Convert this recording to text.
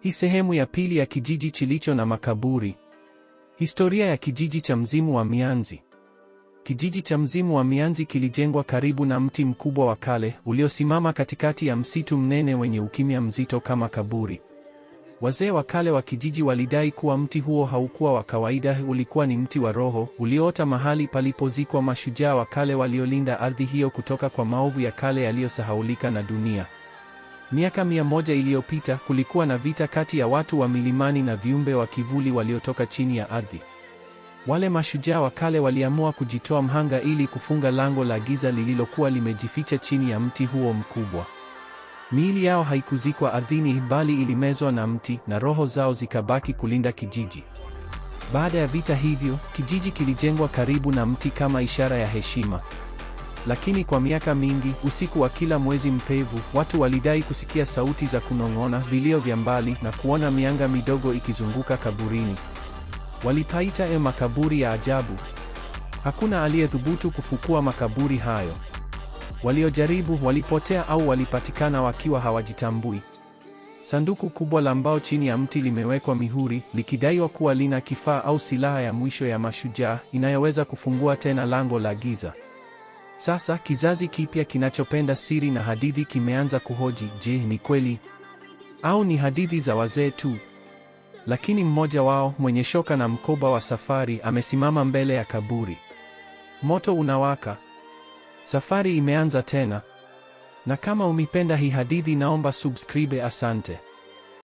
Hii sehemu ya pili ya kijiji kilicho na makaburi. Historia ya kijiji cha Mzimu wa Mianzi. Kijiji cha Mzimu wa Mianzi kilijengwa karibu na mti mkubwa wa kale uliosimama katikati ya msitu mnene wenye ukimya mzito kama kaburi. Wazee wa kale wa kijiji walidai kuwa mti huo haukuwa wa kawaida, ulikuwa ni mti wa roho ulioota mahali palipozikwa mashujaa wa kale waliolinda ardhi hiyo kutoka kwa maovu ya kale yaliyosahaulika na dunia. Miaka mia moja iliyopita kulikuwa na vita kati ya watu wa milimani na viumbe wa kivuli waliotoka chini ya ardhi. Wale mashujaa wa kale waliamua kujitoa mhanga ili kufunga lango la giza lililokuwa limejificha chini ya mti huo mkubwa. Miili yao haikuzikwa ardhini, bali ilimezwa na mti na roho zao zikabaki kulinda kijiji. Baada ya vita hivyo, kijiji kilijengwa karibu na mti kama ishara ya heshima. Lakini kwa miaka mingi, usiku wa kila mwezi mpevu, watu walidai kusikia sauti za kunong'ona, vilio vya mbali na kuona mianga midogo ikizunguka kaburini. Walipaita e, makaburi ya ajabu. Hakuna aliyethubutu kufukua makaburi hayo. Waliojaribu walipotea au walipatikana wakiwa hawajitambui. Sanduku kubwa la mbao chini ya mti limewekwa mihuri, likidaiwa kuwa lina kifaa au silaha ya mwisho ya mashujaa inayoweza kufungua tena lango la giza. Sasa kizazi kipya kinachopenda siri na hadithi kimeanza kuhoji, je, ni kweli au ni hadithi za wazee tu? Lakini mmoja wao mwenye shoka na mkoba wa safari amesimama mbele ya kaburi. Moto unawaka. Safari imeanza tena. Na kama umipenda hii hadithi, naomba subscribe. Asante.